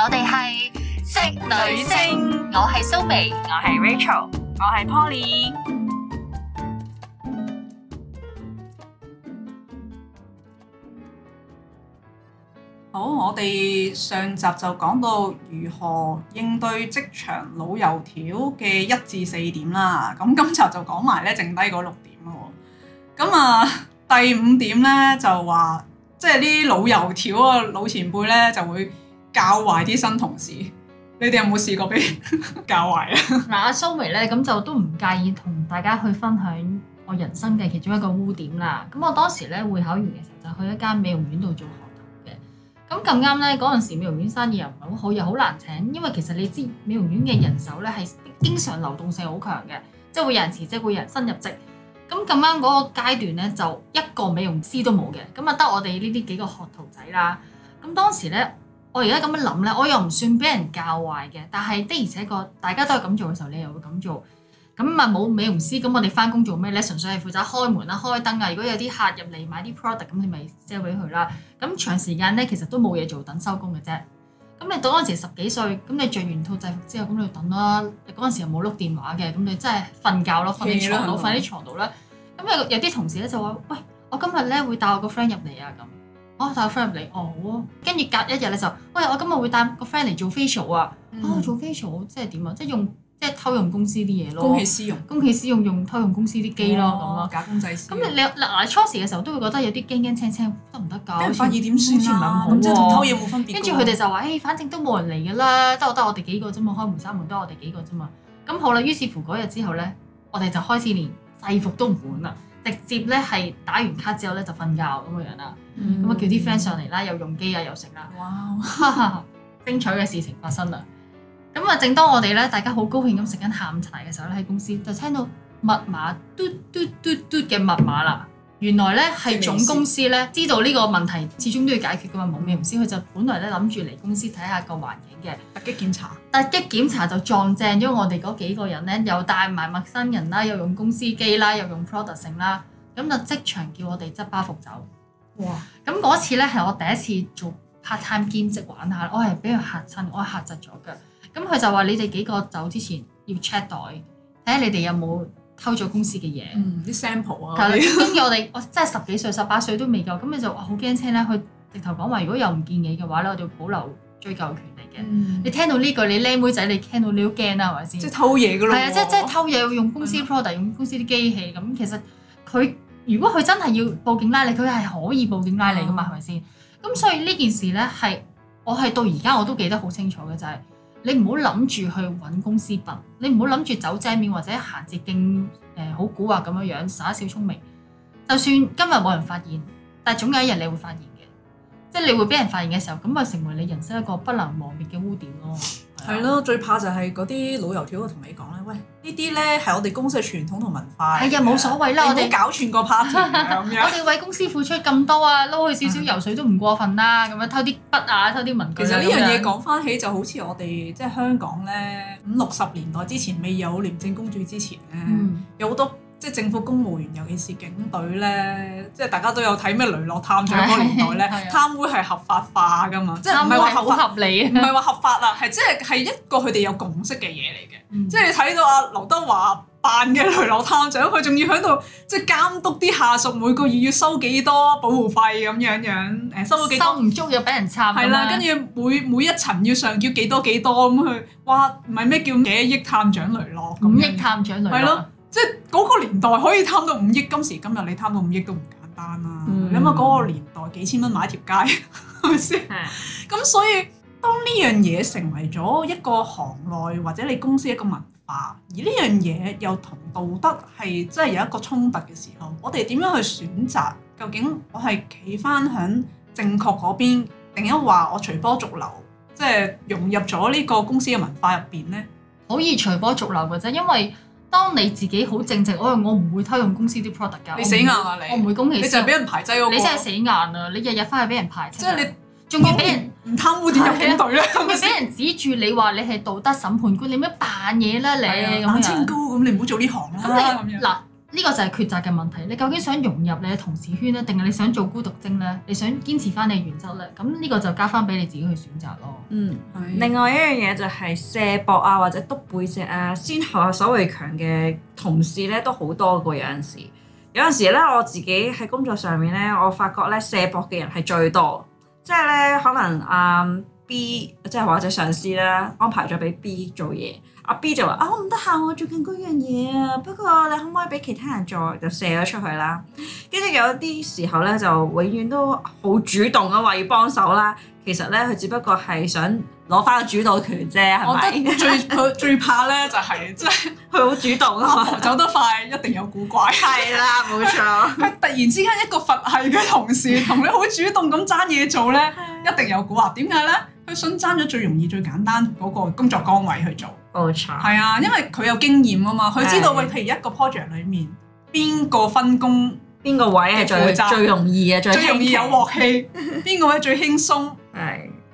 我哋係職女聲，我係蘇眉，我係 Rachel，我係 Polly。好，我哋上集就講到如何應對職場老油條嘅一至四點啦。咁今集就講埋咧，剩低嗰六點咯。咁啊，第五點咧就話，即係啲老油條啊，老前輩咧就會。教壞啲新同事，你哋有冇試過俾教壞啊？嗱，阿蘇眉咧咁就都唔介意同大家去分享我人生嘅其中一個污點啦。咁我當時咧會考完嘅時候就去一間美容院度做學徒嘅。咁咁啱咧嗰陣時美容院生意又唔係好好，又好難請，因為其實你知美容院嘅人手咧係經常流動性好強嘅，即係會有人辭職，即係會有人新入職。咁咁啱嗰個階段咧就一個美容師都冇嘅，咁啊得我哋呢啲幾個學徒仔啦。咁當時咧。我而家咁樣諗咧，我又唔算俾人教壞嘅，但係的而且確大家都係咁做嘅時候，你又會咁做，咁咪冇美容師，咁我哋翻工做咩咧？純粹係負責開門啦、開燈啊。如果有啲客入嚟買啲 product，咁你咪 sell 俾佢啦。咁長時間咧，其實都冇嘢做，等收工嘅啫。咁你到嗰陣時十幾歲，咁你着完套制服之後，咁你等啦。嗰陣時又冇碌電話嘅，咁你真係瞓覺咯，瞓喺牀度，瞓喺床度啦。咁有啲同事咧就話：喂，我今日咧會帶我個 friend 入嚟啊咁。哦，帶個 friend 嚟哦，跟住隔一日咧就，喂，我今日會帶個 friend 嚟做 facial 啊，嗯、啊，做 facial 即係點啊？即係用即係偷用公司啲嘢咯，公器私用，公器私用用偷用公司啲機咯咁咯，啊、假公濟私。咁你你嗱初時嘅時候都會覺得有啲驚驚青青，得唔得㗎？點算啊？好似唔係咁好，即係同偷嘢冇分別、啊。跟住佢哋就話，誒、哎，反正都冇人嚟㗎啦，得我得我哋幾個啫嘛，開門閂門都係我哋幾個啫嘛。咁好啦，於是乎嗰日之後咧，我哋就開始連制服都唔換啦。直接咧係打完卡之後咧就瞓覺咁嘅樣啦。咁啊、嗯、叫啲 friend 上嚟啦，又用機啊，又食啦。哇！哈哈 精彩嘅事情發生啦。咁啊，正當我哋咧大家好高興咁食緊下午茶嘅時候咧，喺公司就聽到密碼嘟嘟嘟嘟嘅密碼啦。原來咧係總公司咧知道呢個問題，始終都要解決噶嘛，冇咩意思。佢就本來咧諗住嚟公司睇下個環境嘅，突擊檢查。但係一檢查就撞正咗我哋嗰幾個人咧，又帶埋陌生人啦，又用公司機啦，又用 product 成啦，咁就即場叫我哋執包袱走。哇！咁嗰次咧係我第一次做 part time 兼職玩下，我係俾佢嚇親，我嚇窒咗腳。咁佢就話：你哋幾個走之前要 check 袋，睇下你哋有冇。偷咗公司嘅嘢，啲、嗯、的 sample 啊，跟住我哋，我真係十幾歲、十八歲都未夠，咁你就哇好驚青咧，佢直頭講話，如果有唔見嘢嘅話咧，我就保留追究權利嘅。嗯、你聽到呢、這、句、個，你靚妹仔，你聽到你都驚啦，係咪先？即係偷嘢㗎咯。係啊，即係即係偷嘢，要用公司 product，用公司啲機器，咁其實佢如果佢真係要報警拉你，佢係可以報警拉你噶嘛，係咪先？咁所以呢件事咧，係我係到而家我都記得好清楚嘅，就係、是。你唔好諗住去揾公司笨，你唔好諗住走精面或者行捷徑，誒、呃，好古惑咁樣樣耍小聰明。就算今日冇人發現，但係總有一日你會發現。即係你會俾人發現嘅時候，咁咪成為你人生一個不能磨滅嘅污點咯。係咯、啊啊，最怕就係嗰啲老油條啊，同你講咧，喂，呢啲咧係我哋公司嘅傳統同文化。係啊，冇所謂啦，我哋們搞全個 party 咁 樣。 我哋為公司付出咁多啊，撈去少少油水都唔過分啦。咁啊，樣偷啲筆啊，偷啲文具。其實呢樣嘢講翻起就好似我哋即係香港咧五六十年代之前未有廉政公署之前咧，嗯、有好多。即係政府公務員，尤其是警隊咧，即係大家都有睇咩雷洛探長嗰年代咧， 貪污係合法化噶嘛，即係唔係話合唔合理？唔係話合法啦，係即係係一個佢哋有共識嘅嘢嚟嘅。嗯、即你睇到阿劉德華扮嘅雷洛探長，佢仲要喺度即係監督啲下屬每個月要收幾多保護費咁樣樣，誒收到收唔足要俾人插。係啦，跟住每每一層要上繳幾多幾多咁去，哇！唔係咩叫幾億探長雷洛咁？五億探長雷洛。即係嗰個年代可以貪到五億，今時今日你貪到五億都唔簡單啦。嗯、你諗下嗰個年代幾千蚊買一條街，係咪先？咁所以當呢樣嘢成為咗一個行內或者你公司一個文化，而呢樣嘢又同道德係真係有一個衝突嘅時候，我哋點樣去選擇？究竟我係企翻響正確嗰邊，定一話我隨波逐流，即係融入咗呢個公司嘅文化入邊呢？可以隨波逐流嘅啫，因為。當你自己好正直，我我唔會偷用公司啲 product 㗎。你死硬啊你！我唔會公器私用。你就俾人排擠我。你真係死硬啊！你日日翻去俾人排擠。即係你仲要俾人唔貪污點入編隊咧？咁樣俾人指住你話你係道德審判官，你咩扮嘢啦你？咁清高！咁，你唔好做呢行啦，嗱。呢個就係抉擇嘅問題，你究竟想融入你嘅同事圈咧，定係你想做孤獨精呢？你想堅持翻你嘅原則呢？咁、這、呢個就交翻俾你自己去選擇咯。嗯，是另外一樣嘢就係卸膊啊，或者篤背脊啊，先下手為強嘅同事呢都好多過有陣時，有陣時咧我自己喺工作上面呢，我發覺呢卸膊嘅人係最多，即係呢可能啊、呃、B 即係或者上司啦安排咗俾 B 做嘢。阿 B 就話：啊、哦，我唔得閒，我做緊嗰樣嘢啊。不過你可唔可以俾其他人做？就射咗出去啦。跟住有啲時候咧，就永遠都好主動啊，話要幫手啦。其實咧，佢只不過係想攞返個主導權啫，係咪？最 最怕咧就係、是，即係佢好主動啊 走得快一定有古怪。係 啦，冇錯。佢 突然之間一個佛系嘅同事同你好主動咁爭嘢做咧， 一定有古怪。點解咧？佢想爭咗最容易、最簡單嗰個工作崗位去做。冇錯，係啊，因為佢有經驗啊嘛，佢知道喂，譬如一個 project 裡面邊個分工，邊個位係最最容易嘅，最容易有鑊氣，邊個位最輕鬆，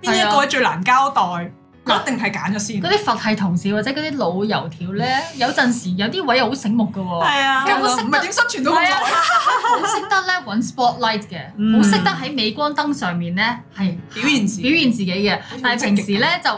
邊一個位最難交代，一定係揀咗先。嗰啲佛系同事或者嗰啲老油條咧，有陣時有啲位又好醒目㗎喎，咁樣唔係點生存都冇。我識得咧揾 spotlight 嘅，好識得喺鎂光燈上面咧係表現表現自己嘅，但係平時咧就。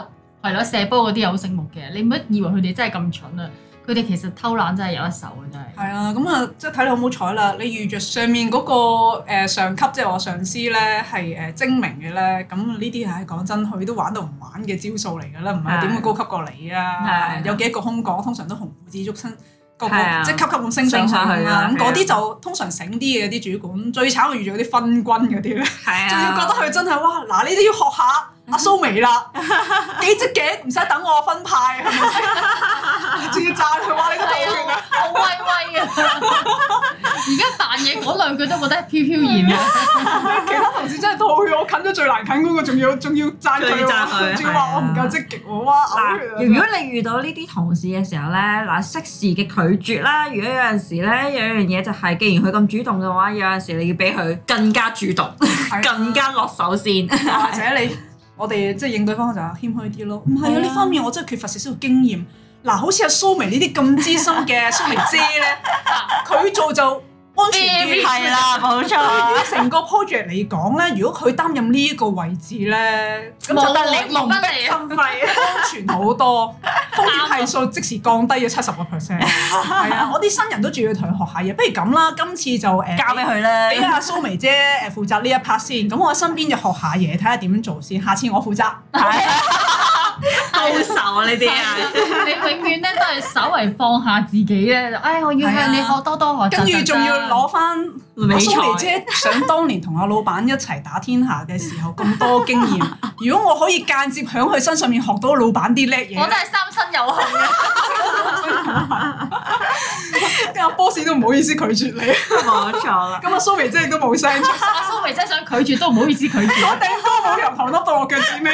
係咯，射波嗰啲有好醒目嘅，你唔好以為佢哋真係咁蠢啊！佢哋其實偷懶真係有一手嘅，真係。係啊，咁啊，即係睇你好唔好彩啦！你遇着上面嗰、嗰個、呃、上級，即係我上司咧，係誒、呃、精明嘅咧，咁呢啲係講真，佢都玩到唔玩嘅招數嚟㗎啦，唔係點會高級過你啊？啊啊有幾個空降，通常都紅褲仔出身升，個個即係級級咁升上去啊。咁嗰啲就、啊、通常醒啲嘅啲主管，最慘就遇着啲分軍嗰啲啦，仲要、啊、 覺得佢真係哇！嗱，呢啲要學下。阿蘇眉啦，幾積極唔使等我分派，仲要讚佢話你都好威威啊！而家扮嘢嗰兩句都覺得飄飄然啊！其他同事真係吐血，我啃咗最難啃嗰個，仲要仲要讚佢，仲要話我唔夠積極喎，哇！如果你遇到呢啲同事嘅時候咧，嗱適時嘅拒絕啦。如果有陣時咧，有樣嘢就係，既然佢咁主動嘅話，有陣時你要俾佢更加主動，更加落手先，或者你。我哋即係應對方式就謙虛啲咯，唔係啊呢、啊、方面我真係缺乏少少經驗。嗱、啊，好似阿蘇明呢啲咁資深嘅蘇明姐咧，佢 做就～安全啲係啦，冇錯。成 個 project 嚟講咧，如果佢擔任呢一個位置咧，咁就得力、蒙心肺、安全好多，風險係數即時降低咗七十個 percent。係啊， 我啲新人都仲要同佢學下嘢，不如咁啦，今次就誒交俾佢咧，俾、呃、阿 蘇眉姐誒負責呢一 part 先。咁我身邊就學下嘢，睇下點樣做先。下次我負責。 高手啊！呢啲啊，你永遠咧都係稍為放下自己咧。唉、 哎，我要向你學多多。的跟住仲要攞翻台車，你姐 想當年同阿老闆一齊打天下嘅時候咁多經驗。 如果我可以間接喺佢身上面學到老闆啲叻嘢， 我都係三生有幸嘅。 阿波士都唔好意思拒絕你，冇錯啦。咁阿 而 蘇眉姐亦都冇聲出，阿、 啊、蘇眉姐想拒絕都唔好意思拒絕。頂帽冇人行得到我腳趾尾咩？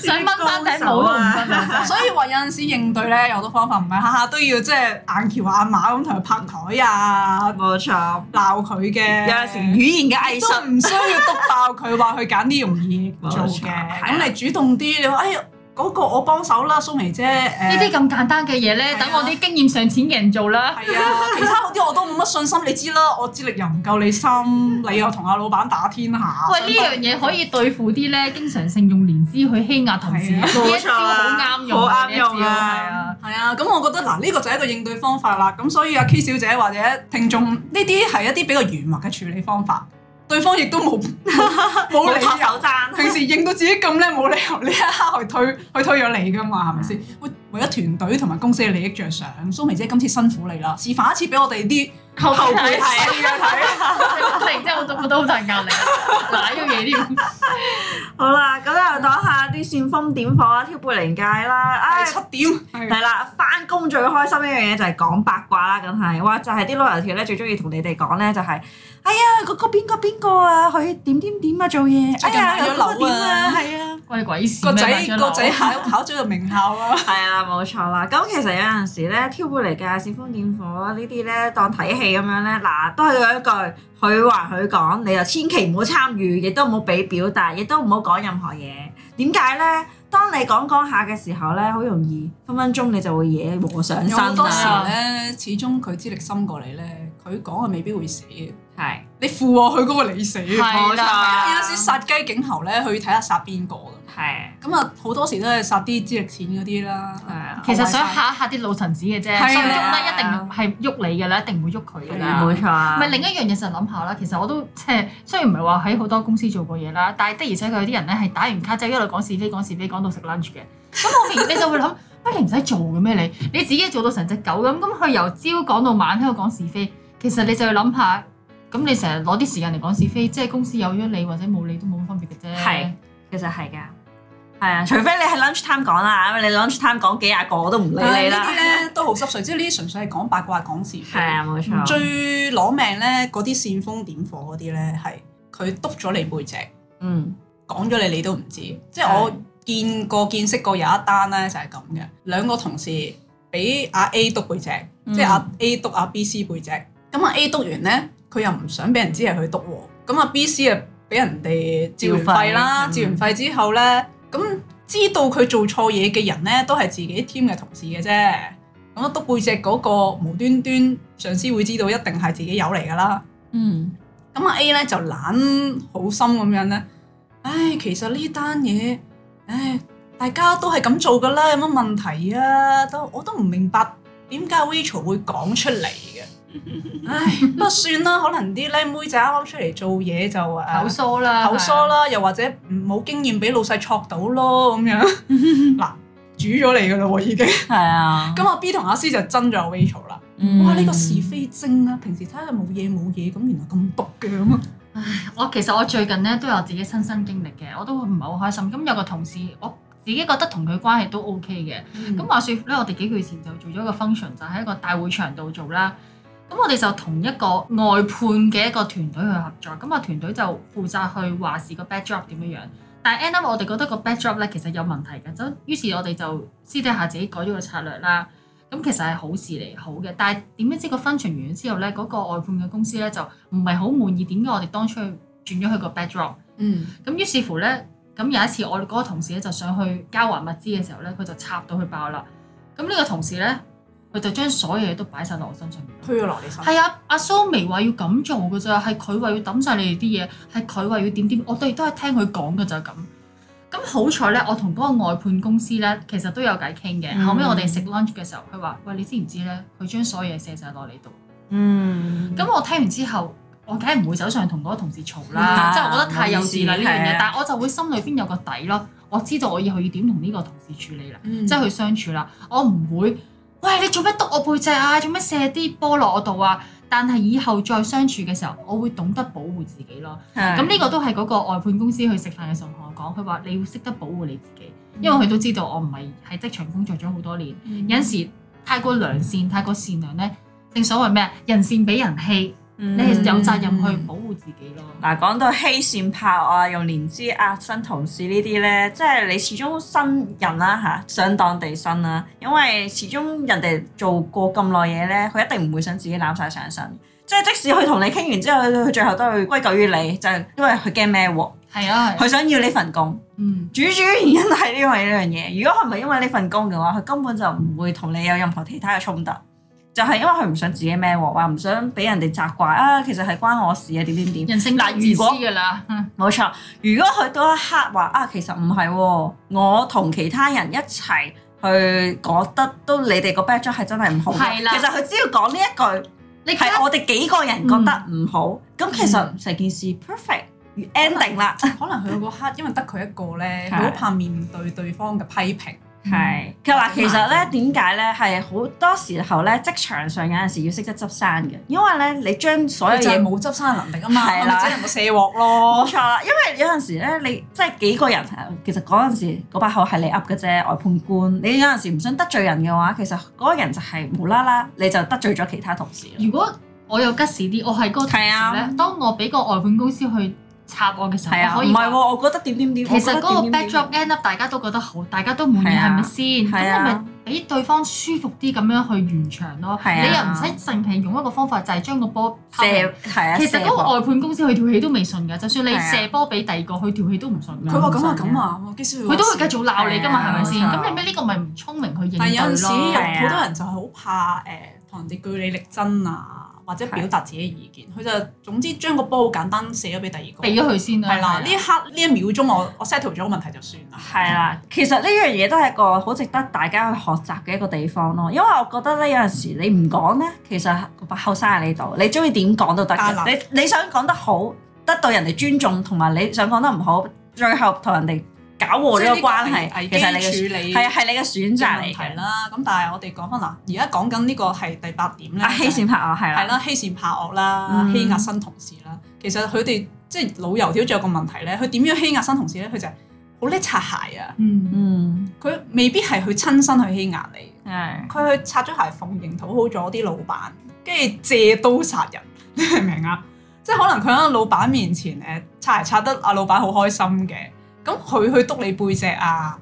想掹頂帽都唔得。所以話有陣時應對咧 有好多方法，唔係下下都要即係硬橋硬馬咁同佢拍台啊，冇錯鬧佢嘅。有陣時語言嘅藝術唔需要篤爆佢，話去揀啲容易做嘅，咁、啊、你主動啲，你話，哎呀～嗰個我幫手啦，蘇眉姐。呢啲咁簡單嘅嘢咧，等、啊、我啲經驗上淺嘅人做啦。係啊，其他嗰啲我都冇乜信心，你知啦，我智力又唔夠你心你又同阿老闆打天下。喂，呢樣嘢可以對付啲咧，經常性用年資去欺壓同事，呢一招好啱用，好啱用啊！係啊，咁我覺得嗱，呢、這個就係一個應對方法啦。咁所以阿 K 小姐或者聽眾，呢啲係一啲比較圓滑嘅處理方法。對方亦都冇冇理由， 理由平時認到自己咁叻，冇 理由呢一刻去推去推咗你㗎嘛？係咪先？ 為為咗團隊同埋公司嘅利益着想， 蘇眉姐今次辛苦你啦，示範一次俾我哋啲。求求其睇啊！點樣睇？嚟之後我做我都好震隔離，擺咗嘢添。好啦，咁又講下啲煽風點火啊，挑撥離間啦。唉，七點係、哎、的啦，翻工最開心一樣嘢就係講八卦啦，梗係哇！就係啲老油條咧最中意同你哋講咧，就係哎呀嗰個邊個邊個啊，佢點點點啊做嘢，哎呀有、那個點啊，係啊，關鬼事咩？個仔個仔考考咗入名校啊！係、哎那個、啊，冇錯啦。咁麼、啊啊、其實有陣時咧，挑撥離間、煽風點火呢啲咧，當睇戲。咁樣咧，嗱，都係有一句，佢話佢講，你又千祈唔好參與，亦都唔好俾表達，亦都唔好講任何嘢。點解咧？當你講講下嘅時候咧，好容易分分鐘你就會惹禍上身啦。有好多時咧，始終佢資歷深過你咧，佢講啊未必會死嘅。的你附我，佢嗰個你死啊。係啦的，有時殺雞儆猴咧，去睇下殺邊個㗎。係咁啊，好多時都係殺啲資歷淺嗰啲啦。其實想嚇一嚇啲老臣子嘅啫，的心中咧一定係喐你嘅啦，一定唔會喐佢㗎啦。冇錯、啊。唔係另一樣嘢就諗下啦，其實我都即係雖然唔係話喺好多公司做過嘢啦，但係的而且確有啲人咧係打完卡就一路講是非，講是非講到食 lunch 嘅。咁 我你就會諗，喂，你唔使做嘅咩你？你自己做到成隻狗咁，咁佢由朝講到晚喺度講是非，其實你就要諗下，咁你成日攞啲時間嚟講是非，即係公司有咗你或者冇你都冇乜分別嘅啫。係，其實係㗎。係啊，除非你係 lunch time 講啦，咁你 lunch time 講幾廿個我都唔理你啦。啊、呢啲咧 都好濕碎，即係呢啲純粹係講八卦、講是非。係啊，冇錯。最攞命咧，嗰啲煽風點火嗰啲咧，係佢篤咗你背脊，講咗、嗯、你你都唔知。即係我見過見識過有一單咧就係咁嘅，兩個同事俾阿 A 篤背脊，嗯、即係阿 A 篤阿 B、C 背脊。咁阿 A 篤完咧，佢又唔想俾人知係佢篤喎。咁阿 B、C 啊俾人哋照肺啦，照完肺之後咧。嗯咁知道佢做錯嘢嘅人咧，都係自己 team 嘅同事嘅啫。咁督背脊嗰個無端端上司會知道，一定係自己友嚟噶啦。嗯，咁啊 A 咧就懶好心咁樣咧。唉，其實呢單嘢，唉，大家都係咁做噶啦，有乜問題啊？都我都唔明白點解 Rachel 會講出嚟嘅。 唉，不過算啦，可能啲靚妹仔啱啱出嚟做嘢就口疏啦，口疏啦，的又或者冇經驗俾老細錯到咯咁樣。嗱， 煮咗你噶啦喎已經。係 啊的。咁阿 B 同阿 C 就爭咗 Rachel 啦。嗯、哇！呢、呢個是非精啊，平時睇下冇嘢冇嘢，咁原來咁毒嘅咁啊。唉，我其實我最近咧都有自己親身，身經歷嘅，我都唔係好開心。咁有個同事，我自己覺得同佢關係都 OK 嘅。咁話説咧，我哋幾個月前就做咗個 function，就喺一個大會場度做啦。咁我哋就同一個外判嘅一個團隊去合作，咁啊團隊就負責去話事個 backdrop 點樣樣，但係 end up 我哋覺得個 backdrop 咧其實有問題嘅，就於是我哋就私底下自己改咗個策略啦。咁其實係好事嚟，好嘅。但係點樣知個 function 完之後咧，嗰個外判嘅公司咧就唔係好滿意，點解我哋當初去轉咗去個 backdrop？嗯。咁於是乎咧，咁有一次我哋嗰個同事咧就上去交還物資嘅時候咧，佢就插到佢爆啦。咁呢個同事咧。佢就將所有嘢都擺晒落我身上面。推咗落你身。係啊，阿、啊、蘇眉話要咁做嘅咋。係佢話要抌晒你哋啲嘢，係佢話要點點，我哋都係聽佢講嘅咋。係咁。咁好彩咧，我同嗰個外判公司咧，其實都有偈傾嘅。嗯、後尾我哋食 lunch 嘅時候，佢話：喂，你知唔知咧？佢將所有嘢卸晒落嚟度。嗯。咁、嗯、我聽完之後，我梗係唔會走上嚟同嗰個同事嘈啦，啊、即係我覺得太幼稚啦呢樣嘢。的的但係我就會心裏邊有個底咯，我知道我以後要點同呢個同事處理啦，即係去相處啦，我唔會。喂，你做咩篤我背脊啊？做咩射啲波落我度啊？但係以後再相處嘅時候，我會懂得保護自己咯。咁呢是個都係嗰個外判公司去食飯嘅時候同我講，佢話你要識得保護你自己，因為佢都知道我唔係喺職場工作咗好多年，嗯、有陣時太過良善、太過善良呢，正所謂咩人善俾人欺。你有責任去保護自己咯。嗱、嗯，講、嗯啊、到欺善怕惡啊，用年資壓新同事呢啲咧，即係你始終新人啦、啊、嚇，相當地新啦、啊，因為始終人哋做過咁耐嘢咧，佢一定唔會想自己攬晒上身。即係即使佢同你傾完之後，佢最後都係歸咎於你，就係、是、因為佢驚咩喎？係啊，佢、啊啊、想要呢份工。嗯，主要原因係因為呢樣嘢。如果佢唔係因為呢份工嘅話，佢根本就唔會同你有任何其他嘅衝突。就係因為佢唔想自己孭鍋，話唔想俾人哋責怪啊。其實係關我事啊，點點點。人性太自私㗎啦，冇錯。如果佢到一刻話啊，其實唔係喎，我同其他人一齊去覺得都你哋個 budget a 係真係唔好。係啦的，其實佢只要講呢一句，你係看我哋幾個人覺得唔好。咁、嗯、其實成件事、嗯、perfect ending 啦。可能佢嗰刻 因為得佢一個咧，好的怕面對對方嘅批評。係，佢話其實咧點解咧係好多時候咧職場上有陣時要識得執生嘅，因為咧你將所有嘢冇執生能力啊嘛，或者有冇卸鑊咯？冇錯，因為有陣時咧你即係幾個人，其實嗰陣時嗰把口係你噏嘅啫，外判官。你有陣時唔想得罪人嘅話，其實嗰個人就係無啦啦你就得罪咗其他同事。如果我有吉事啲，我係高個咧，當我俾個外判公司去。插我嘅時候可以講，我覺得點點點，其實嗰個 backdrop end up 大家都覺得好，大家都滿意，係咪先？咁你咪俾對方舒服啲咁樣去完場咯。你又唔使淨係用一個方法，就係將個波射。其實嗰個外判公司佢條氣都未順嘅，就算你射波俾第二個，佢條氣都唔順。佢話咁啊咁啊，佢都會繼續鬧你㗎嘛，係咪先？咁你咩呢個咪唔聰明去認真咯？但有時，好多人就係好怕誒，同人哋據理力爭啊。或者表達自己意見，佢的就總之將個波好簡單寫咗俾第二個，俾咗佢先啦。係啦的，呢的一刻呢的一秒鐘我 我 settle 咗個問題就算啦。係啦，其實呢樣嘢都係一個好值得大家去學習嘅一個地方咯，因為我覺得咧有陣時你唔講咧，其實個後生喺度，你中意點講都得嘅的。你你想講得好，得到人哋尊重，同埋你想講得唔好，最後同人哋。搞和呢個關係，其實你嘅處理係啊係你嘅選擇問題啦。咁但係我哋講翻嗱，而家講緊呢個係第八點咧，就是，欺善怕惡係啦，欺善怕惡啦，欺壓新同事啦。其實佢哋即係老油條，仲有個問題咧。佢點樣欺壓新同事咧？佢就係好叻擦鞋啊。嗯嗯，佢未必係佢親身去欺壓你。係佢、嗯、去擦咗鞋奉迎討好咗啲老闆，跟住借刀殺人，你明唔明啊？即係可能佢喺老闆面前誒擦鞋擦得阿老闆好開心嘅。咁佢去督你背脊啊，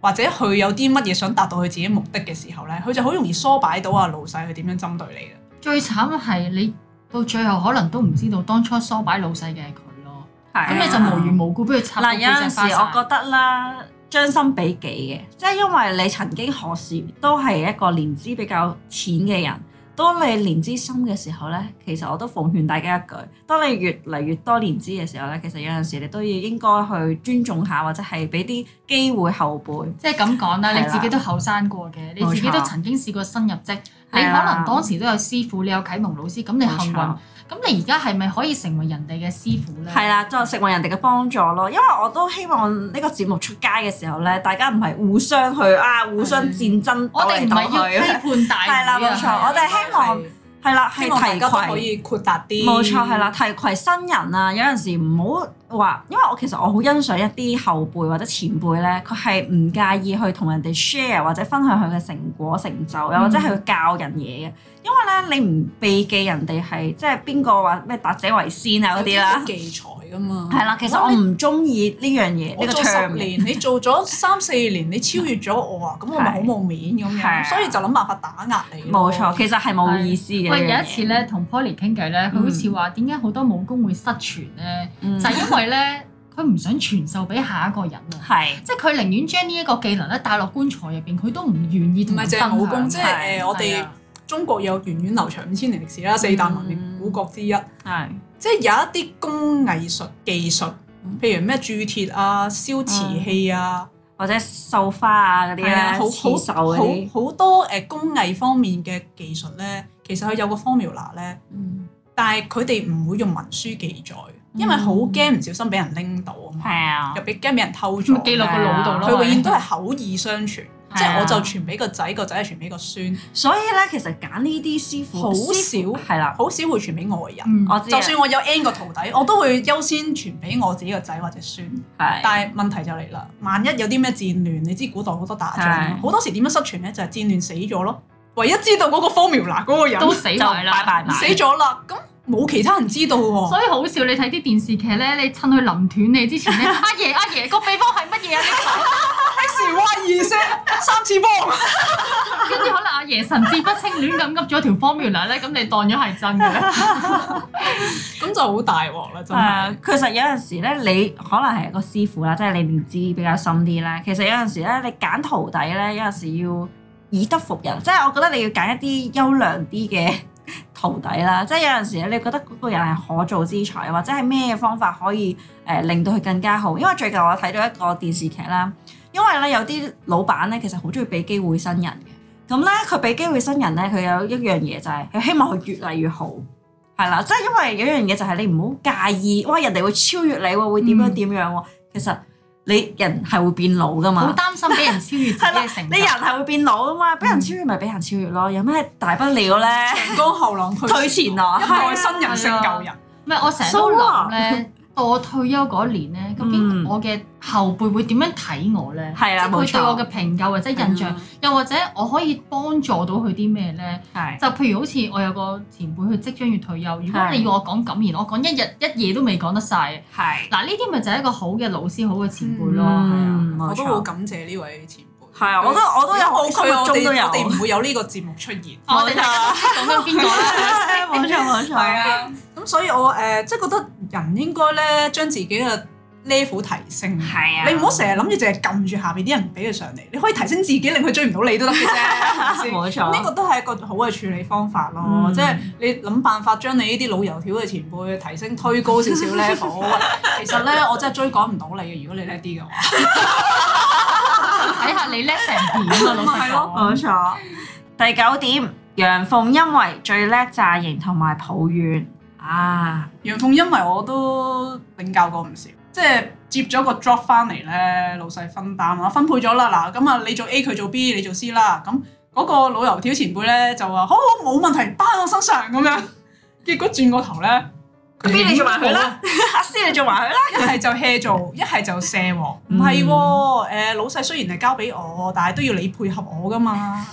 或者佢有啲乜嘢想達到佢自己目的嘅時候呢，佢就好容易梳擺到啊老細去點樣針對你啦。最慘係你到最後可能都唔知道當初梳擺老細嘅係佢咯。咁、啊、你就無緣無故俾佢插。嗱，有陣時我覺得啦，將心比己嘅，即係因為你曾經何時都係一個年資比較淺嘅人。當你年資深嘅時候呢，其實我都奉勸大家一句：當你越嚟越多年資嘅時候呢，其實有陣時你都要應該去尊重下，或者係俾啲機會後輩。即係咁講啦，的你自己都後生過嘅，錯你自己都曾經試過新入職，的你可能當時都有師傅，你有啟蒙老師，咁你幸運。咁你而家係咪可以成為人哋嘅師傅咧？係啦，就成為人哋嘅幫助咯。因為我都希望呢個節目出街嘅時候咧，大家唔係互相去啊，互相戰爭，我哋唔係要批判大家啊。係啦，冇錯，的我哋希望係啦，希望大家都可以豁達啲。冇錯，係啦，提攜新人啊，有陣時唔好話，因為我其實我好欣賞一啲後輩或者前輩咧，佢係唔介意去同人哋 share 或者分享佢嘅成果成就，又或者係教人嘢。因為咧，你唔避忌人哋係即係邊個話咩達者為先啊嗰啲啦，忌才啊嘛。係啦，其實我唔中意呢樣嘢。我做十年，你做咗三四年，你超越咗我啊，咁我咪好冇面咁樣，所以就諗辦法打壓你。冇錯，其實係冇意思嘅。喂，有一次咧同 Poly 傾偈咧，佢好似話點解好多武功會失傳咧，就係因為。係咧，佢唔想傳授俾下一個人啊。係，即係佢寧願將呢一個技能咧帶落棺材入邊，佢都唔願意同人分享。即係我哋中國有源遠流長五千年歷史啦，四大文明古國之一，係，即係有一啲工藝術技術，譬如咩鑄鐵啊、燒瓷器啊，或者繡花啊嗰啲啊，好好好多誒工藝方面嘅技術咧，其實佢有個 formula 咧，但係佢哋唔會用文書記載。因為好驚唔小心俾人拎到啊嘛，又俾驚俾人偷咗，記錄個腦度咯。佢永遠都係口耳相傳，即係我就傳俾個仔，個仔又傳俾個孫。所以咧，其實揀呢啲師傅好少，係啦，好少會傳俾外人。就算我有 n 個徒弟，我都會優先傳俾我自己個仔或者孫。但係問題就嚟啦，萬一有啲咩戰亂，你知古代好多打仗，好多時點樣失傳咧？就係戰亂死咗咯。唯一知道嗰個 formula 嗰個人都死埋啦，死咗啦，咁。冇其他人知道喎，所以好笑你睇啲電視劇咧，你趁佢臨斷你之前咧，阿、 啊、爺阿、啊、爺個秘方係乜嘢啊？幾時挖二先？ S，三次波，跟 住可能阿爺神志不清，亂咁噏咗條 formula 咧，咁你當咗係真嘅咧，咁 就好大鑊啦，真係、啊。其實有陣時咧，你可能係一個師傅啦，即、就、係、是、你唔知比較深啲咧。其實有陣時咧，你揀徒弟咧，有陣時要以德服人，即、就、係、是、我覺得你要揀一啲優良啲嘅。徒弟啦，即係有陣時你覺得嗰個人係可造之才，或者係咩方法可以誒、呃、令到佢更加好？因為最近我睇到一個電視劇啦，因為咧，有啲老闆咧，其實好中意俾機會新人嘅，咁咧佢俾機會新人咧，佢有一樣嘢就係、係、佢希望佢越嚟越好，係啦，即係因為有一樣嘢就係你唔好介意，哇，人哋會超越你喎，會點樣點樣喎、嗯，其實。你人係會變老噶嘛？好擔心俾人超越自己嘅成就。 你人係會變老啊嘛，俾人超越咪俾人超越咯，有咩大不了咧？長江後浪推前浪，啊， 一代新人勝舊人。唔係，我成日都諗咧。 我退休嗰一年咧，究竟我嘅後輩會點樣睇我咧？係啊、嗯，即係佢對我嘅評價或者印象，又錯或者我可以幫助到佢啲咩咧？係對，就譬如好似我有個前輩佢即將要退休。對如果你要我講感言，我講一日一夜都未講得晒，係嗱，呢啲咪就係一個好嘅老師、好嘅前輩咯。係啊、嗯，我都好感謝呢位前輩。係啊，我都我都有，我心有。我哋唔會有呢個節目出現。我哋啊，講到邊個咧？冇錯冇錯。係啊，咁所以我誒，即係覺得人應該咧，將自己嘅 level 提升。係啊。你唔好成日諗住，淨係撳住下邊啲人，唔俾佢上嚟。你可以提升自己，令佢追唔到你都得嘅啫。冇錯。呢個都係一個好嘅處理方法咯。即係你諗辦法將你呢啲老油條嘅前輩提升推高少少 level。其實咧，我真係追趕唔到你嘅。如果你叻啲嘅話。睇下、哎哎、呀你叻成點啊，老細！冇錯， 第九點，陽奉陰違最叻詐型同埋抱怨啊！陽奉陰違我都領教過唔少，即係接咗個 job 翻嚟咧，老細分擔啦，分配咗啦嗱，咁啊你做 A 佢做 B，你做 C 啦，咁嗰個老油條前輩咧就話好好冇問題，包喺我身上咁樣，結果轉個頭咧。邊，你做埋佢啦，阿師，你做埋佢啦，一係就 hea 做，一係 就卸喎。唔係，誒，老細雖然係交俾我，但係都要你配合我㗎嘛。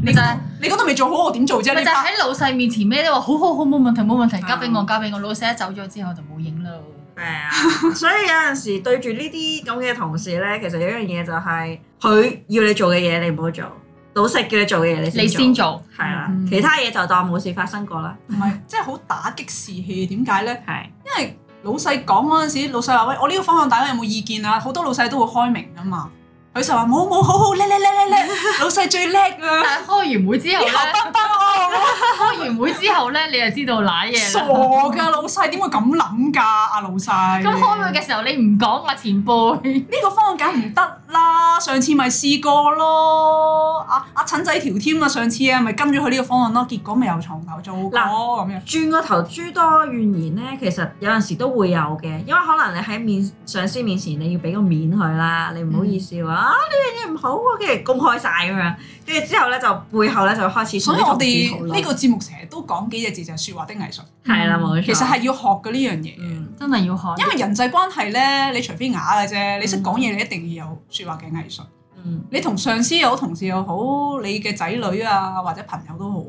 你就你嗰度未做好，我點做啫？你部就喺老細面前咩都話，好好好，冇問題冇問題，交俾我交俾我。老細一走咗之後就冇影咯。 所以有陣時對住呢啲咁嘅同事咧，其實有一樣嘢就係、是，佢要你做嘅嘢你唔好做。老細叫你做嘅嘢，你先做，係啦。的嗯、其他嘢就當冇事發生過啦。唔係，即係好打擊士氣。點解咧？係是因為老細講嗰陣時，老細話喂，我呢個方向大家有冇意見啊？好多老細都會開明㗎嘛。佢就話冇冇好好叻叻叻叻叻，老細最叻啊！但開完會之後咧， 開完會之後咧，你就知道賴嘢傻嘅老細點會咁諗㗎？阿老細，咁 開會嘅時候你唔講啊，前輩呢個方案梗唔得啦！上次咪試過咯，阿阿陳仔條添啊，上次啊咪跟咗佢呢個方案咯，結果咪由床頭做過咁喇樣，轉個頭諸多怨言咧，其實有陣時都會有嘅，因為可能你喺面上司面前你要俾個面佢啦，你唔好意思啊～、嗯啊！呢樣嘢唔好，啊，跟住公開晒咁樣，跟住之後咧就背後咧就開始。所以我哋呢個節目成日都講幾隻字就係、是、説話的藝術。係啦，冇 錯。嗯、其實係要學嘅呢樣嘢，嗯、真係要學。因為人際關係咧，你除非啞嘅啫，嗯、你識講嘢，你一定要有説話嘅藝術。嗯，你同上司又好，同事又好，你嘅仔女啊，或者朋友都好，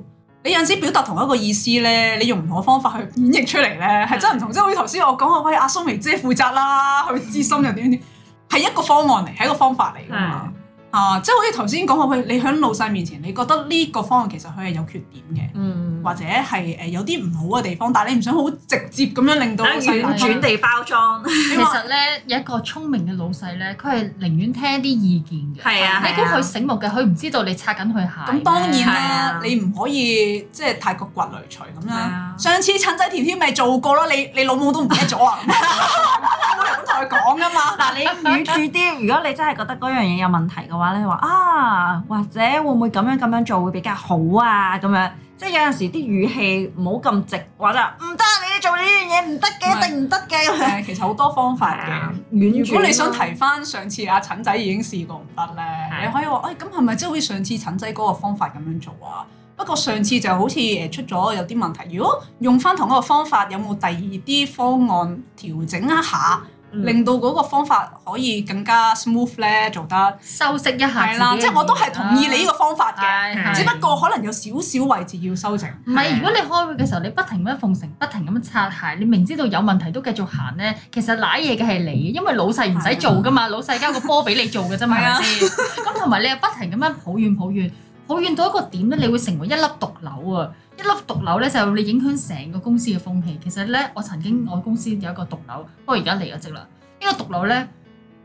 你有時表達同一個意思咧，你用唔同嘅方法去演繹出嚟咧，係真唔同。即係好似頭先我講話，喂阿蘇眉姐負責啦，佢知心又點點。 係一個方案嚟，係一個方法嚟㗎嘛。啊！即係好似頭先講過佢，你喺老細面前，你覺得呢個方案其實佢係有缺點嘅，或者係誒有啲唔好嘅地方，但係你唔想好直接咁樣令到，老婉轉地包裝。其實咧，有一個聰明嘅老細咧，佢係寧願聽啲意見嘅。係啊係啊，你估佢醒目嘅，佢唔知道你擦緊佢鞋。咁當然啦，你唔可以即係太過掘雷除咁啦。上次陳仔甜甜咪做過咯，你你老母都唔記得咗啊！冇人同佢講噶嘛。嗱，你婉轉啲。如果你真係覺得嗰樣嘢有問題嘅，話咧話啊，或者會唔會咁樣咁樣做會比較好啊？咁樣即係有陣時啲語氣唔好咁直，話就唔得，你做呢樣嘢唔得嘅，一定唔得嘅。其實好多方法嘅，啊、如果你想提翻上次阿、啊、陳仔已經試過唔得咧，啊、你可以話誒，咁係咪即係好似上次陳仔嗰個方法咁樣做啊？不過上次就好似誒出咗有啲問題，如果用翻同一個方法，有冇第二啲方案調整一下？令到嗰個方法可以更加 smooth 咧，做得修飾一下。啦，即係我都係同意你呢個方法嘅，啊哎、只不過可能有少少位置要修正。唔係、啊，啊、如果你開會嘅時候你不停咁樣奉承，不停咁樣擦鞋，你明知道有問題都繼續行咧，其實賴嘢嘅係你，因為老細唔使做噶嘛，啊、老細交個波俾你做噶啫嘛。咁同埋你又不停咁樣抱怨抱怨，抱怨到一個點咧，你會成為一粒毒瘤啊！一粒毒瘤咧，就係你影響成個公司嘅風氣。其實咧，我曾經我公司有一個毒瘤，不過而家離咗職啦。呢個毒瘤咧，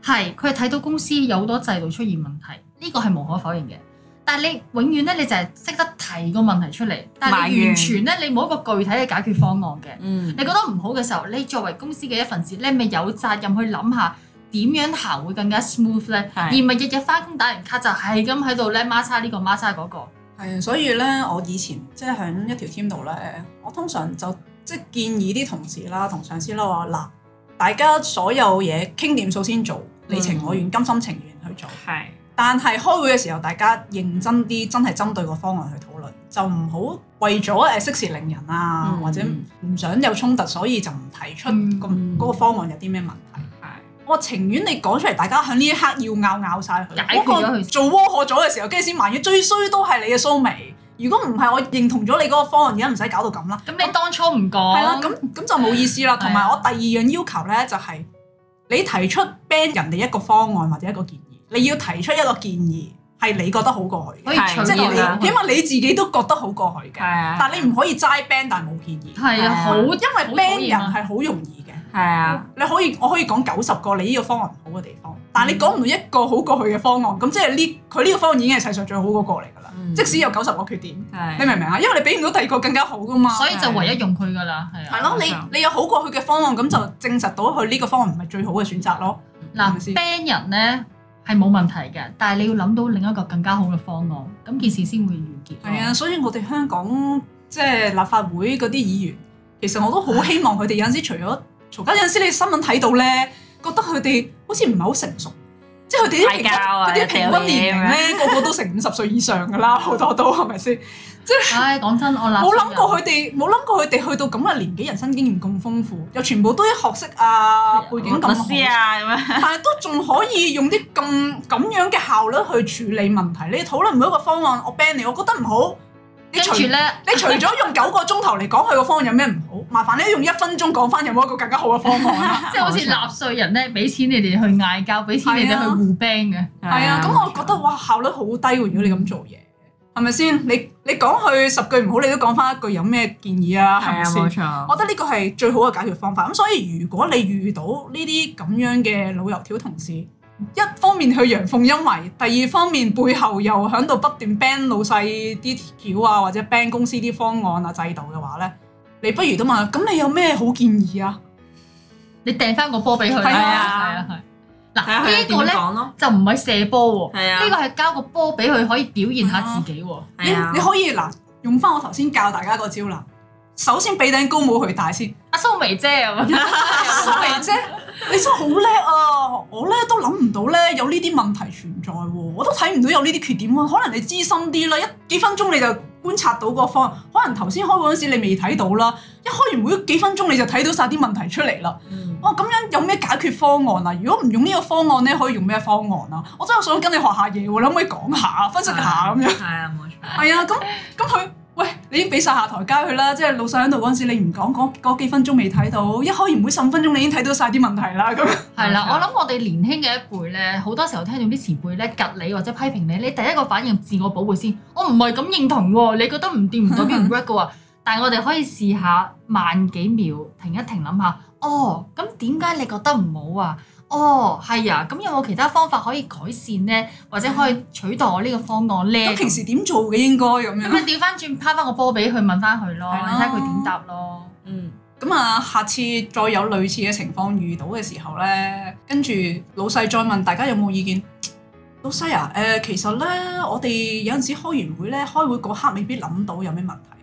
係佢係睇到公司有好多制度出現問題，呢個係無可否認嘅。但係你永遠咧，你就係識得提個問題出嚟，但係你完全咧，你冇一個具體嘅解決方案嘅。嗯、你覺得唔好嘅時候，你作為公司嘅一份子，你咪有責任去諗下點樣行會更加 smooth 咧，是而唔係日日翻工打完卡就係咁喺度咧孖叉呢個，孖叉嗰個。係所以咧，我以前即係響一條 team 度咧，我通常就即係建議啲同事啦，同上司啦，話嗱，大家所有嘢傾掂數先做，你情我願，甘心情願去做。係、嗯，但係開會嘅時候，大家認真啲，真係針對個方案去討論，就唔好為咗誒息事寧人啊，嗯、或者唔想有衝突，所以就唔提出咁、那個嗯、個方案有啲咩問題。我情願你講出嚟，大家喺呢一刻要拗拗晒佢。嗰個做窩火咗嘅時候，跟住先埋怨最衰都係你嘅蘇眉。如果唔係，我認同咗你嗰個方案，而家唔使搞到咁啦。咁、嗯嗯、你當初唔講，係啦、啊，咁咁就冇意思啦。同埋、啊、我第二樣要求咧，就係、是、你提出 band 人哋一個方案或者一個建議，你要提出一個建議係你覺得好過去嘅，即係是你、啊、起碼你自己都覺得好過去嘅。係啊，但你唔可以齋 band，但冇建議。係啊，好、啊，因為 band 人係好容易。係啊，你可以我可以講九十個你呢個方案唔好嘅地方，但係你講唔到一個好過去嘅方案，咁即係呢佢呢個方案已經係世上最好嗰個嚟㗎啦。嗯、即使有九十個缺點，啊、你明唔明啊？因為你俾唔到第二個更加好㗎嘛。所以就唯一用佢㗎啦，係啊。係咯、啊，你你有好過去嘅方案，咁就證實到佢呢個方案唔係最好嘅選擇咯。嗱，ban 人咧係冇問題嘅，但係你要諗到另一個更加好嘅方案，咁件事先會完結。係啊，哦、所以我哋香港即係立法會嗰啲議員，其實我都好希望佢哋有陣時除咗。家有陣時，你新聞睇到咧，覺得佢哋好似唔係好成熟，即係佢哋啲平均、啲平均年齡咧，個個都成五十歲以上㗎啦，好多，多都係咪先？即係， 唉，講是真，我諗，冇諗過佢哋，冇諗過佢哋去到咁嘅年紀，人生經驗咁豐富，又全部都一學識啊，背景咁好啊，咁樣會，但係都仲可以用啲咁咁樣嘅效率去處理問題。 你討論唔到一個方案，我 ban 你，我覺得唔好。跟住咧，你除咗用九個鐘頭嚟講佢個方案有咩唔好，麻煩你用一分鐘講翻有冇一個更加好嘅方案 即係好似納稅人咧，俾 錢你哋去嗌交，俾錢你哋去互兵嘅。係啊，咁我覺得哇，效率好低。如果你咁做嘢，係咪先？你你講佢十句唔好，你都講翻一句有咩建議啊？係咪？冇錯。我覺得呢個係最好嘅解決方法。咁所以如果你遇到呢啲咁樣嘅老油條同事，一方面去陽奉陰違，第二方面背後又喺度不斷 ban 老細啲橋啊，或者 ban 公司啲方案啊、制度嘅話咧，你不如都問，咁你有咩好建議啊？你掟翻個波俾佢，係啊，係啊，係。嗱、啊啊啊啊、呢個咧就唔係射波喎，呢個係交個波俾佢，可以表現下自己喎、啊啊。你可以嗱用翻我頭先教大家個招啦。首先俾頂高帽佢戴先，阿蘇眉姐啊，蘇眉 姐。笑 edia? 你真係好叻啊！我咧都諗唔到咧有呢啲問題存在喎、啊，我都睇唔到有呢啲缺點啊。可能你資深啲啦，一幾分鐘你就觀察到個方案，可能頭先開會嗰陣時你未睇到啦、啊，一開完會幾分鐘你就睇到晒啲問題出嚟啦。哇、嗯！咁、啊、樣有咩解決方案啊？如果唔用呢個方案咧，可以用咩方案啊？我真係想跟你學下嘢喎、啊，你可唔可以講下分析下咁樣？係 啊，冇錯。係啊，咁咁佢。喂，你已經俾晒下台階佢啦，即係老細喺度嗰陣時你，你唔講嗰嗰幾分鐘未睇到，一開完會十五分鐘，你已經睇到晒啲問題啦，咁。係啦的， 我諗我哋年輕嘅一輩咧，好多時候聽到啲前輩咧，隔你或者批評你，你第一個反應自我保護先，我唔係咁認同喎，你覺得唔掂唔代表唔 work 嘅喎，但係我哋可以試下慢幾秒停一停，諗下，哦，咁點解你覺得唔好啊？哦，係啊，咁有冇其他方法可以改善咧？或者可以取代我呢個方案咧？咁、嗯、平時點做嘅應該咁樣？咁啊，調翻轉拋翻個波俾佢問翻佢咯，睇下佢點答咯。嗯，咁啊、嗯，下次再有類似嘅情況遇到嘅時候咧，跟住老細再問大家有冇意見。老細啊，誒、呃，其實咧，我哋有陣時開完會咧，開會嗰刻未必諗到有咩問題。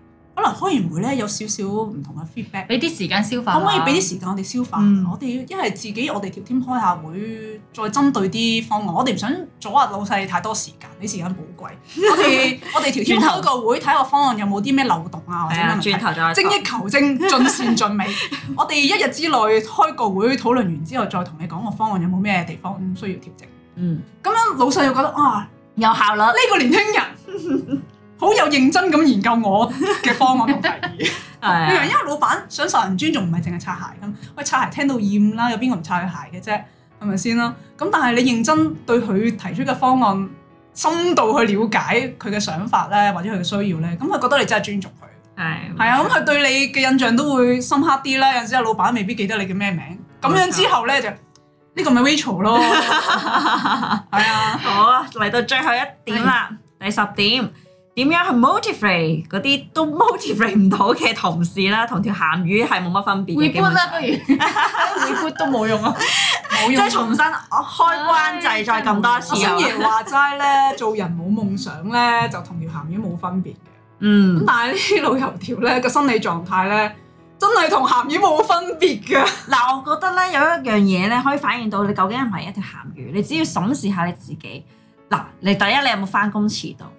可能開完會咧，有少少唔同嘅 feedback，俾啲時間消化。可唔可以俾啲時間我哋消化？嗯、我哋一係自己我哋條 team 開下會，再針對啲方案。我哋唔想阻礙老細太多時間，啲時間寶貴。 我哋我哋條 team 開個會，睇下個方案有冇啲咩漏洞 啊？或者轉頭就精益求精，盡善盡美。 我哋一日之內開個會討論完之後，再同你講個方案有冇咩地方需要調整。嗯，咁樣老細又覺得啊有效率。呢個年輕人。 好有認真咁研究我嘅方案同提議， 的因為老闆想受人尊重，唔係淨係擦鞋咁。喂，擦鞋聽到厭啦，有邊個唔擦佢鞋嘅啫？係咪先啦？咁但係你認真對佢提出嘅方案，深度去了解佢嘅想法咧，或者佢嘅需要咧，咁佢覺得你真係尊重佢。係係啊，咁佢對你嘅印象都會深刻啲啦。有時阿老闆未必記得你叫咩名，咁樣之後咧 就呢個咪 Rachel 咯。係 啊、 哦，好啊，嚟到最後一點啦，的第十點。點樣去 motivate 嗰啲都 motivate 唔到嘅同事啦，同條鹹魚係冇乜分別嘅。回觀啦，會不如回觀都冇用啊，冇用即係 重新開關制，哎、再咁多次。不如話齋咧， 做人冇夢想咧，就同條鹹魚冇分別嘅。嗯，咁但係呢啲老油條咧個心理狀態咧，真係同鹹魚冇分別嘅。嗱， 我覺得咧有一樣嘢咧，可以反映到你究竟係唔係一條鹹魚。你只要審視下你自己嗱，你第一，你有冇返工遲到？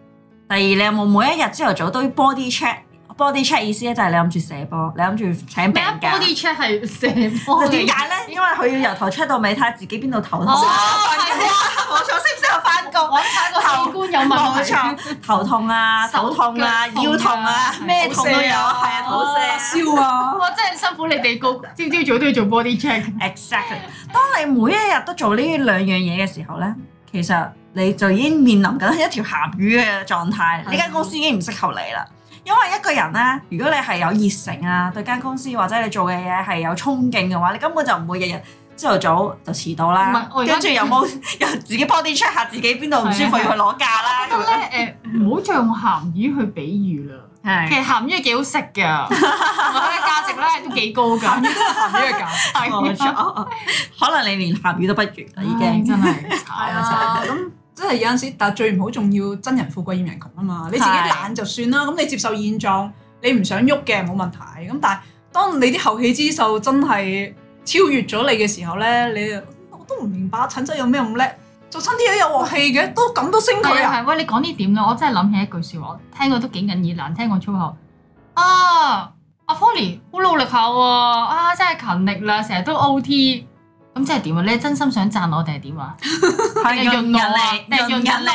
第二，你有冇每一日朝頭早都要 body check？body check 意思咧就係你諗住射波，你諗住請病假。body check 係射波點解咧？因為佢要由頭 check 到尾，睇下自己邊度頭痛。哦，係啊，冇錯，識唔識得翻工？我睇個五官有問題。冇錯，頭痛啊，手痛啊，腰痛啊，咩痛都有。係啊，好痾，燒啊！我真係辛苦你哋個朝朝早都要做 body check。Exactly。當你每一日都做呢兩樣嘢嘅時候咧。其實你就已經面臨緊一條鹹魚嘅狀態，呢間的公司已經唔適合你啦。因為一個人咧，如果你係有熱誠啊，對間公司或者你做嘅嘢係有衝勁嘅話，你根本就唔會日日朝頭早就遲到啦，跟住又冇又自己 body check 下自己邊度唔舒服要的去攞假啦。咁得咧誒，唔好、 呃、再用鹹魚去比喻啦。其實鹹魚都幾好食㗎，同埋佢價值咧都幾高㗎。鹹魚都鹹魚嘅價值，冇錯。可能你連鹹魚都不如，已經，已經真係。咁、啊、真係有陣時，但最唔好仲要，真人富貴，厭人窮啊嘛。你自己懶就算啦，咁你接受現狀，你唔想喐嘅冇問題。咁但係，當你啲後起之秀真係超越咗你嘅時候咧，你我都唔明白陳真有咩咁叻。做親啲嘢有鑊氣嘅，都咁都升佢啊！係喂，你講呢點咧？我真係諗起一句説話我聽，聽過都幾引耳難聽過粗口啊！阿、啊、Poly 好努力下喎、啊，啊，真係勤力啦，成日都 OT，咁即係點啊？你真心想讚我哋係點啊？係用人嚟，用人嚟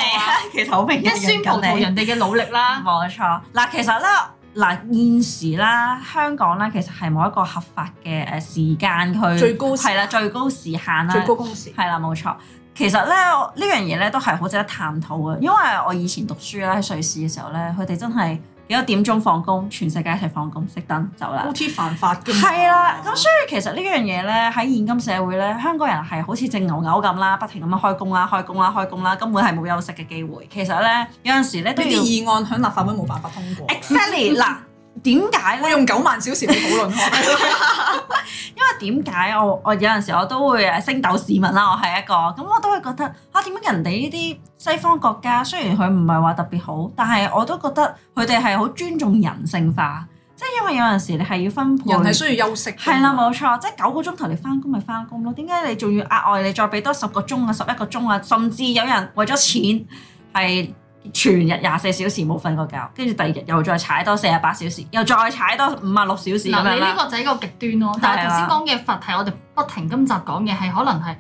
其實好認一宣傳人哋嘅努力啦。冇 錯，嗱，其實啦，嗱現時啦，香港咧，其實係冇一個合法嘅誒時間去最高係啦，最高時限啦，最高工時係啦，冇錯。其實咧，呢樣嘢咧都係好值得探討嘅，因為我以前讀書咧喺瑞士嘅時候咧，佢哋真係幾多點鐘放工，全世界一齊放工熄燈走啦，好似犯法咁。係啦，咁所以其實呢樣嘢咧喺現今社會咧，香港人係好似隻牛牛咁啦，不停咁樣開工啦、開工啦、開工啦，根本係冇休息嘅機會。其實咧，有陣時咧，呢啲議案喺立法會冇辦法通過。exactly 嗱。 點解我用九萬小時去討論我。因為點解我我有陣時我都會誒升斗市民啦，我係一個咁，我都會覺得啊點解人哋呢啲西方國家雖然佢唔係話特別好，但係我都覺得佢哋係好尊重人性化，即係因為有陣時你係要分配人係需要休息、啊，係啦冇錯，即係九個鐘頭你翻工咪翻工咯，點解你仲要額外你再俾多十個鐘啊十一個鐘啊，甚至有人為咗錢係。全日廿四小時冇瞓過覺，跟住第二日又再踩多四十八小時，又再踩多五十六小時。嗱，你呢個就係一個極端咯。但係頭先講嘅佛係我哋是、啊、不停今集講嘅，係可能係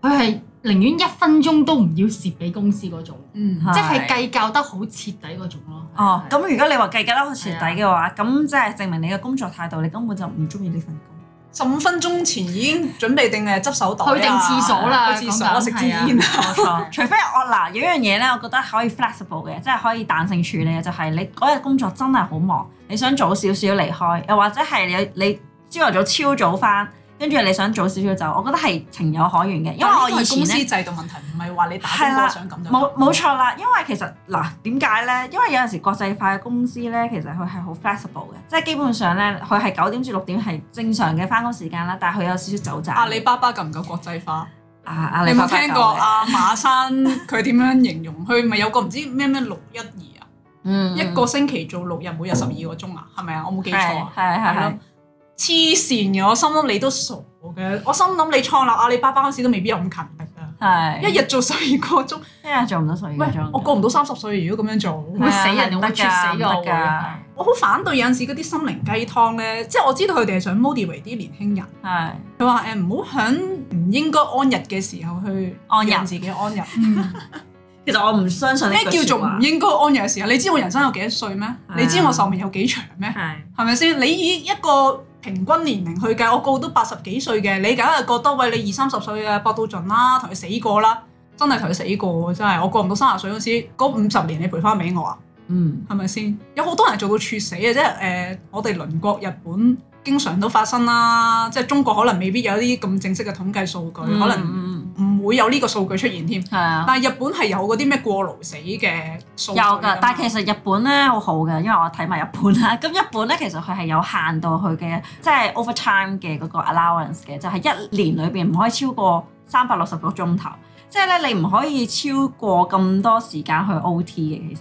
佢係寧願一分鐘都唔要蝕俾公司嗰種，嗯、是即係計較得好徹底嗰種咯。哦，咁、哦、如果你話計較得好徹底嘅話，咁是、啊、即係證明你嘅工作態度，你根本就唔中意呢份工。十五分鐘前已經準備定誒執手袋、啊、去定廁所啦，的去廁所食支煙啊！除非我嗱有一樣嘢咧，我覺得可以 flexible 嘅，即係可以彈性處理就係、是、你嗰日工作真係好忙，你想早少少離開，又或者係你你朝頭早超早返。跟住你想早少少走，我覺得係情有可原嘅，因為我以前呢個公司制度問題唔係話你打邊個的想咁就冇冇錯啦。因為其實嗱點解咧？因為有陣時國際化嘅公司咧，其實佢係好 flexible 嘅，即係基本上咧佢係九點至六點係正常嘅返工時間啦，但係佢有少少走盞、啊。阿里巴巴夠唔夠國際化？啊，你有冇聽過阿馬生佢點樣形容？佢咪有個唔知咩咩六一二啊？嗯，一個星期做六日，每日十二個鐘啊？係咪啊？我冇記錯係係。的的黐線嘅，我心諗你都傻嘅。我心諗你創立阿里巴巴嗰時都未必有咁勤力啊。係，一日做十二個鐘，一日做唔到十二個鐘。喂，我過唔到三十歲，如果咁樣做，會死人㗎，得絕死㗎。我好反對有陣時嗰啲心靈雞湯咧，即係我知道佢哋係想 motivate 啲年輕人。係，佢話誒唔好喺唔應該安逸嘅時候去安逸，自己安逸。其實我唔相信咩叫做唔應該安逸嘅時候？你知我人生有幾多歲咩？你知我壽命有幾長咩？係，係咪先？你以一個平均年齡去計，我過都八十幾歲嘅，你梗係覺得喂你二三十歲嘅搏到盡啦，同佢死過啦，真係同佢死過，真係我過唔到三十歲嗰時，嗰五十年你賠翻俾我啊，嗯，係咪先？有好多人做到猝死嘅，即係誒、呃，我哋鄰國日本經常都發生啦，即係中國可能未必有啲咁正式嘅統計數據，嗯、可能。唔會有呢個數據出現添，係啊！但係日本係有啲咩過勞死嘅數有㗎。但係其實日本咧好好嘅，因為我睇埋日本啦。咁日本咧其實佢係有限到佢嘅，即係 over time 嘅個 allowance 嘅，就係一年裏邊唔可以超過三百六十個鐘頭，即係咧你唔可以超過咁多時間去 OT 嘅。其實，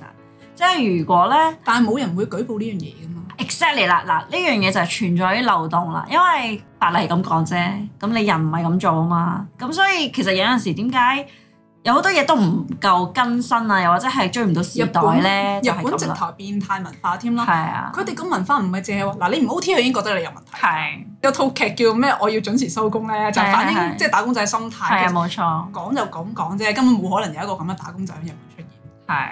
即係如果咧，但係冇人會舉報呢樣嘢㗎嘛。exactly 啦，嗱呢樣嘢就係存在於漏洞啦，因為白麗係咁講啫，咁你人唔係咁做啊嘛，咁所以其實有陣時點解有好多嘢都唔夠更新啊，又或者係追唔到時代咧，日本直頭變態文化添啦，係啊，佢哋咁文化唔係淨係話嗱你唔 OT，佢已經覺得你有問題。係、啊、有套劇叫咩？我要準時收工咧，就反映即係、啊、打工仔心態嘅，冇錯、啊，講就咁講啫，根本冇可能有一個咁嘅打工仔。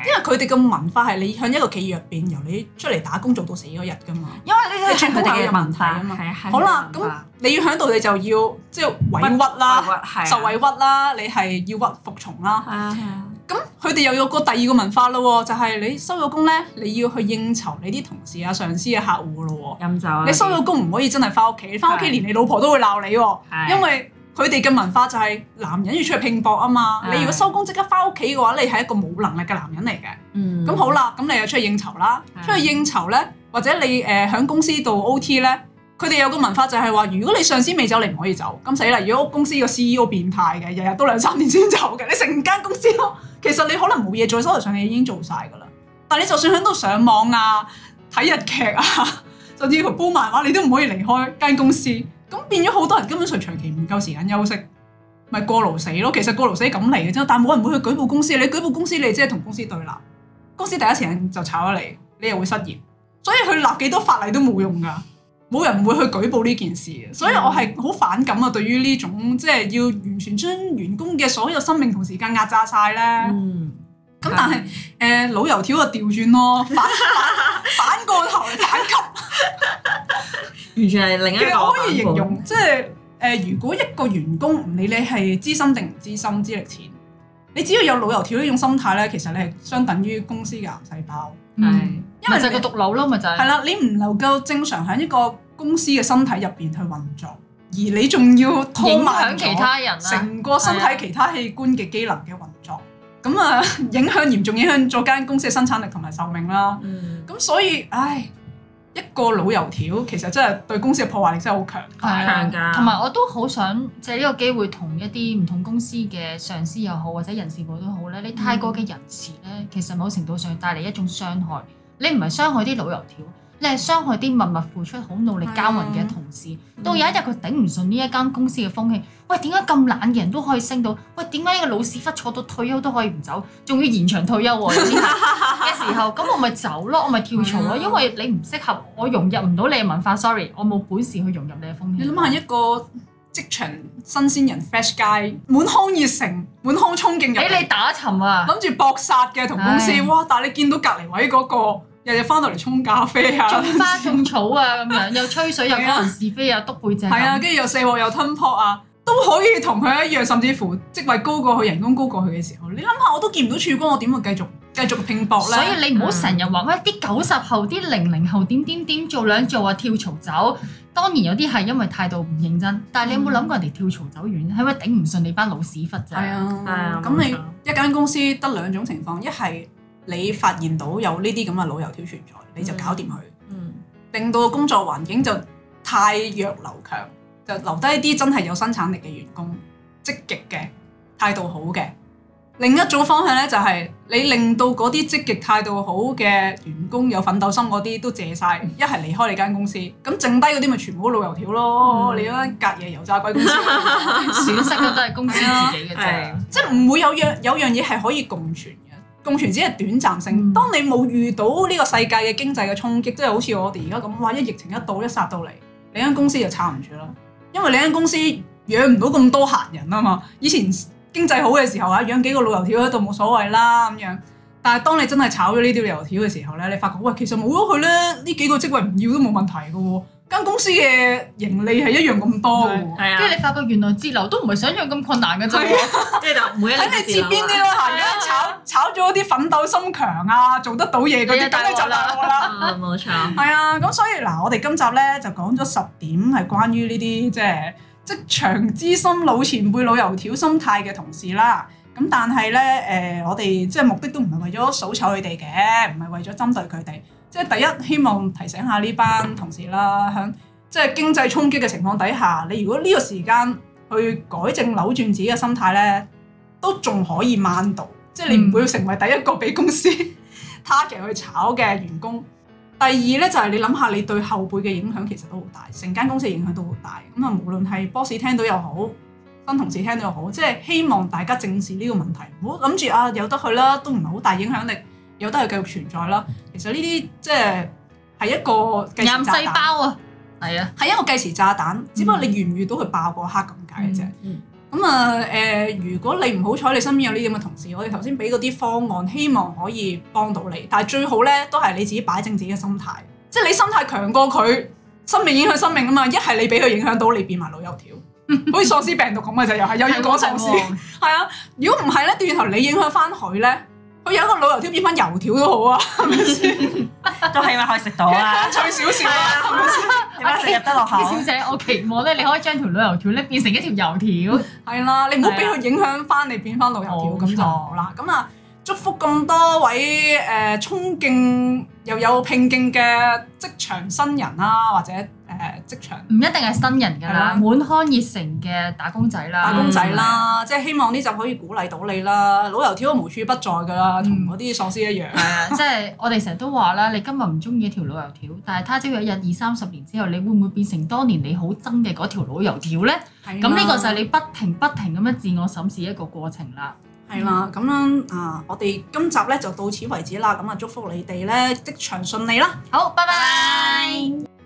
因為佢哋嘅文化係你向一個企業入邊，由你出嚟打工做到死嗰日㗎嘛。因為呢啲係佢哋嘅文化啊嘛。好啦，咁你要喺度，你就要即係委屈啦，受委，啊、委屈啦，你係要屈服從啦。咁佢哋又有個第二個文化咯，就係、係、你收咗工咧，你要去應酬你啲同事啊、上司啊、客戶咯。飲酒啊！你收咗工唔可以真係翻屋企，翻屋企連你老婆都會鬧你，啊啊、因為。佢哋嘅文化就係男人要出去拼搏啊嘛！的你如果收工即刻翻屋企嘅話，你係一個冇能力嘅男人嚟嘅。咁、嗯、好啦，咁你又出去應酬啦，的出去應酬呢，或者你誒喺、呃、公司度 OT 呢，佢哋有個文化就係話，如果你上司未走，你唔可以走。咁死啦，如果公司個 CEO 變態嘅，日日都兩三點先走嘅，你成間公司都其實你可能冇嘢做，手頭上你已經做晒噶啦。但你就算喺度上網啊、睇日劇啊， 甚至乎煲漫畫，你都唔可以離開間公司。咁變咗好多人根本上長期唔夠時間休息，咪過勞死咯。其實過勞死咁嚟嘅啫，但冇人會去舉報公司。你舉報公司，你即係同公司對立，公司第一時間就炒咗你，你又會失業。所以佢立幾多法例都冇用噶，冇人會去舉報呢件事。所以我係好反感啊，對於呢種即係要完全將員工嘅所有生命同時間壓榨晒咧。咁、嗯、但係誒的、呃、老油條啊，調轉咯，反反，反過頭反吸。 完全係另一個。其實我可以形容， 即係誒、呃，如果一個員工唔理你係資深定唔資深，資歷淺，你只要有老油條呢種心態咧，其實你係相等於公司嘅癌細胞，係是、嗯、因為你就係個毒瘤咯，咪就係、是。係啦，你唔能夠正常喺一個公司嘅身體入邊去運作，而你仲要拖埋其他人，成個身體其他器官嘅機能嘅運作，咁的啊影響嚴重，影響咗間公司嘅生產力同埋壽命啦。咁、嗯、所以，唉。一個老油條其實真係對公司嘅破壞力真係好強，係㗎對，同埋的我都好想借呢個機會同一啲唔同公司嘅上司又好或者人事部都好咧，你太過嘅仁慈咧，其實某程度上帶嚟一種傷害，你唔係傷害啲老油條。你係傷害啲默默付出、好努力交運嘅同事，啊、到有一日佢頂唔順呢一間公司嘅風氣，喂，點解咁懶嘅人都可以升到？喂，點解呢個老屎忽坐到退休都可以唔走，仲要延長退休喎？嘅時候，咁 我咪走咯，我咪跳槽咯，嗯、因為你唔適合我，融入唔到你嘅文化，sorry，我冇本事去融入你嘅風氣。你諗下一個職場新鮮人 fresh guy、u 滿腔熱誠、滿腔衝勁入，俾、哎、你打沉啊！諗住搏殺嘅同公司，唉哇！但係你見到隔離位嗰個。日日翻到嚟沖咖啡啊，種花種草啊咁樣， 又吹水、 啊、又可能是非又、啊啊、篤背脊，係啊，跟住又四鍋又吞撲啊，都可以同佢一樣，甚至乎職位高過佢，人工高過佢嘅時候，你諗下，我都見唔到曙光，我點會繼續繼續拼搏咧？所以你唔好成日話喂，啲九十後、啲零零後點點點做兩做啊跳槽走，當然有啲係因為態度唔認真，但係你有冇諗過人哋跳槽走遠係咪頂唔順你班老屎忽？係啊，咁你一間公司得兩種情況，一係。你發現到有呢啲咁嘅老油條存在，你就搞掂佢，mm hmm. 令到個工作環境就汰弱留強，就留低一啲真係有生產力嘅員工，積極嘅態度好嘅。另一種方向呢，就係、是、你令到嗰啲積極態度好嘅員工有奮鬥心嗰啲都借晒，一係離開你間公司，咁剩低嗰啲咪全部老油條咯。Mm hmm. 你嗰間隔夜油炸鬼公司，損失嘅都係公司自己嘅啫對，即係唔會有，有樣有樣嘢係可以共存。共存只係短暫性，當你冇遇到呢個世界嘅經濟嘅衝擊，即係好似我哋而家咁，哇！一疫情一到一殺到嚟，你間公司就撐唔住啦，因為你間公司養唔到咁多閒人啊嘛。以前經濟好嘅時候啊，養幾個老油條喺度冇所謂啦咁樣，但係當你真係炒咗呢啲油條嘅時候咧，你發覺喂，其實冇咗佢咧，呢幾個職位唔要都冇問題嘅喎。間公司嘅盈利係一樣咁多嘅，跟住、啊、你發覺原來節流都唔係想象咁困難嘅啫。跟住就唔喺你節邊啲啦，係啊，炒啊炒咗啲奮鬥心強啊，做得到嘢嗰啲，咁、啊、你就落、啊啊、啦。冇錯。係啊，咁所以嗱，我哋今集咧就講咗十點係關於呢啲即係職場資深老前輩、老油條心態嘅同事啦。咁但係咧，誒、呃，我哋即係目的都唔係為咗數臭佢哋嘅，唔係為咗針對佢哋。即係第一，希望提醒下呢班同事啦，響即係經濟衝擊嘅情況底下，你如果呢個時間去改正扭轉自己嘅心態呢，都仲可以掹到。即係你唔會成為第一個俾公司 target 去炒嘅員工。第二呢，就係、是、你諗下，你對後輩嘅影響其實都好大，成間公司嘅影響都好大。咁啊，無論係 boss 聽到又好，新同事聽到又好，即係希望大家正視呢個問題，唔好諗住啊有得去啦，都唔係好大影響力。有得佢繼續存在啦，其實呢啲即係係一個癌細胞啊，係啊，係一個計時炸彈，只不過你遇唔遇到佢爆嗰刻咁解嘅啫。咁啊，誒，如果你唔好彩，你身邊有呢啲咁嘅同事，我哋頭先俾嗰啲方案，希望可以幫到你。但係最好咧，都係你自己擺正自己嘅心態，即係你心態強過佢，生命影響生命啊嘛。一係你俾佢影響到，你變埋老油條，好似喪屍病毒咁嘅就又係有藥過喪屍。係啊，如果唔係咧，調轉頭你影響翻佢咧。有由個老油條變翻油條都好啊，都係咪可以食到啊？脆少少啦，係咪先？入得落口。 小姐，我期望咧，你可以將條老油條咧變成一條油條，係啦、 啊，你唔好俾佢影響翻，你變翻老油條咁就好啦。咁啊、 嗯嗯，祝福咁多位誒衝、呃、勁又有拼勁嘅職場新人啦、啊，或者。誒職場唔一定係新人㗎啦，滿腔熱誠嘅打工仔啦，打工仔啦，即係希望呢集可以鼓勵到你啦。老油條都無處不在㗎啦，同嗰啲喪屍一樣。即係我哋成日都話啦，你今日唔中意一條老油條，但係他朝有一日二三十年之後，你會唔會變成當年你好憎嘅嗰條老油條呢？咁呢個就係你不停不停咁樣自我審視一個過程啦。係啦，咁樣啊，我哋今集呢就到此為止啦。咁啊，祝福你哋呢，職場順利啦。好，拜拜。